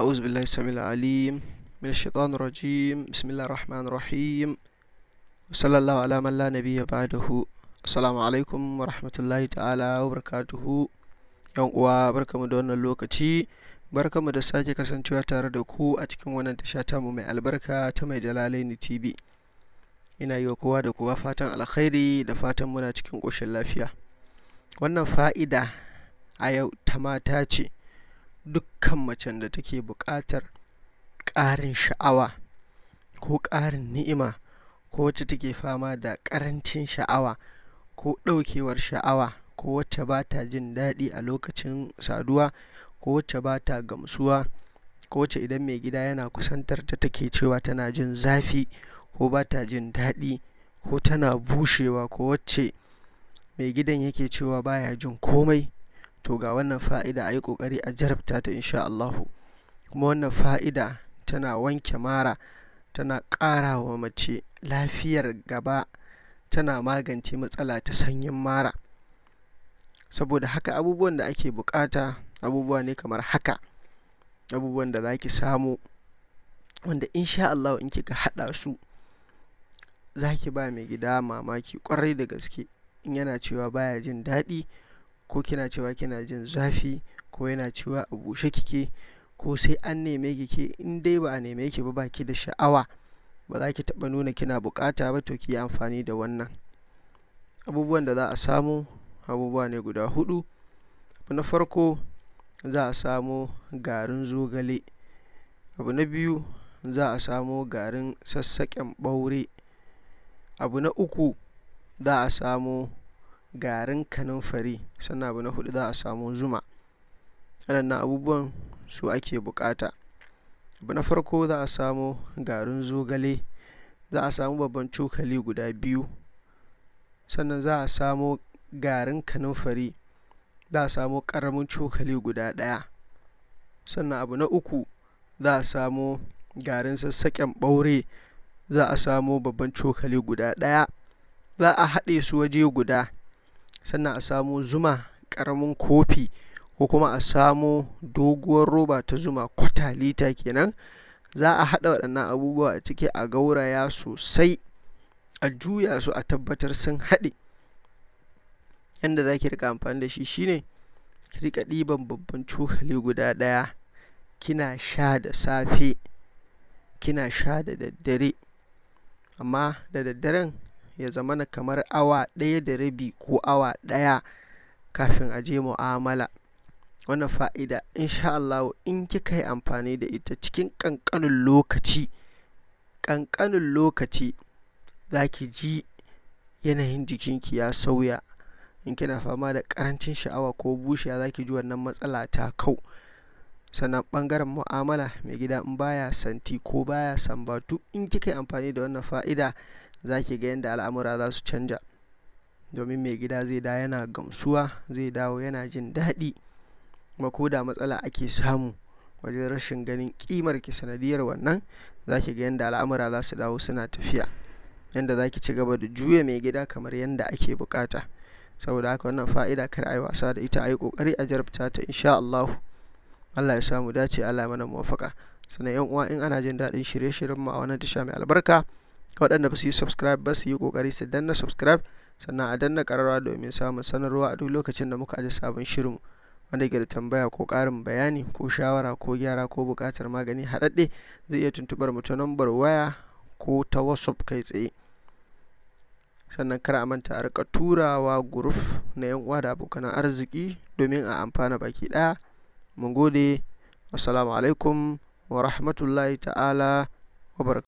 أعوذ بالله السميع العليم من الشيطان الرجيم بسم الله الرحمن الرحيم وصلى الله على من لا نبي بعده السلام عليكم ورحمة الله تعالى وبركاته yan uwa barkamu da wannan lokaci barkamu da sake kasancewa tare da ku a cikin wannan tashata mu mai albarka ta mai jalalaini tv ina yi wa kowa da kowa fatan alkhairi da fatan muna cikin ƙoshin lafiya wannan fa'ida a yau ta mata ce dukkan macen da take buƙatar ƙarin sha'awa ko ƙarin ni'ima ko wacce take fama da ƙarancin sha'awa ko ɗaukewar sha'awa ko wacce ba ta jin daɗi a lokacin saduwa ko wacce ba ta gamsuwa ko wacce idan mai gida yana kusantar ta take cewa tana jin zafi ko ba ta jin daɗi ko tana bushewa ko wacce mai gidan yake cewa baya jin komai to ga wannan fa'ida a yi ƙoƙari a jarabta ta insha Allahu kuma wannan fa'ida tana wanke mara tana ƙara wa mace lafiyar gaba tana magance matsala ta sanyin mara saboda haka abubuwan da ake buƙata abubuwa ne kamar haka abubuwan da za ki samu wanda insha Allah in kika haɗa su za ki ba mai gida mamaki kwarai da gaske in yana cewa baya jin daɗi ko kina cewa kina jin zafi ko yana cewa a bushe kike ko sai an neme kike in dai ba a neme ki ba baki da sha'awa ba za ki taɓa nuna kina bukata ba to ki yi amfani da wannan abubuwan da za a samu abubuwa ne guda hudu abu na farko za a samu garin zogale abu na biyu za a samu garin sassaƙen ɓaure abu na uku za a samu. garin kanunfari sannan abu na hudu za a samu zuma waɗannan abubuwan su ake bukata abu na farko za a samu garin zogale za a samu babban cokali guda biyu sannan za a samu garin kanunfari za a samu ƙaramin cokali guda ɗaya sannan abu na uku za a samu garin sassaƙen ɓaure za a samu babban cokali guda ɗaya za a haɗe su waje guda sannan a samo zuma karamin kofi ko kuma a samo doguwar roba ta zuma kwata lita kenan za a haɗa waɗannan abubuwa a ciki a gauraya sosai a juya su a tabbatar sun haɗe yadda za ki riƙa amfani da shi shine ki riƙa ɗiban babban cokali guda ɗaya kina sha da safe kina sha da daddare amma da daddaren ya zamana kamar awa ɗaya da rabi ko awa ɗaya kafin a je mu'amala wannan fa'ida insha Allah in kika yi amfani da ita cikin ƙanƙanin lokaci ƙanƙanin lokaci za ki ji yanayin jikinki ya sauya in kina fama da ƙarancin sha'awa ko bushiya za ki ji wannan matsala ta kau sannan ɓangaren mu'amala mai gida in baya santi ko baya sambatu in kika yi amfani da wannan fa'ida za ki ga yadda al'amura za su canja domin mai gida zai da yana gamsuwa zai dawo yana jin daɗi kuma ko da matsala ake samu wajen rashin ganin ƙimar ki sanadiyar wannan za ki ga yadda al'amura za su dawo suna tafiya yadda za ki ci gaba da juya mai gida kamar yadda ake buƙata saboda haka wannan fa'ida kar a yi wasa da ita a yi ƙoƙari a jarabta ta insha Allah Allah ya samu dace Allah mana muwafaka sannan yan uwa in ana jin daɗin shirye-shiryen mu a wannan tasha mai albarka waɗanda ba su yi subscribe ba su yi ƙoƙari su danna subscribe sannan a danna ƙararrawa domin samun sanarwa a duk lokacin da muka aje sabon shirin wanda ke da tambaya ko ƙarin bayani ko shawara ko gyara ko buƙatar magani haɗaɗɗe zai iya tuntuɓar mu ta nambar waya ko ta whatsapp kai tsaye sannan kar a manta a riƙa turawa guruf na yan uwa da abokan arziki domin a amfana baki ɗaya mun gode assalamu alaikum wa rahmatullahi ta'ala wa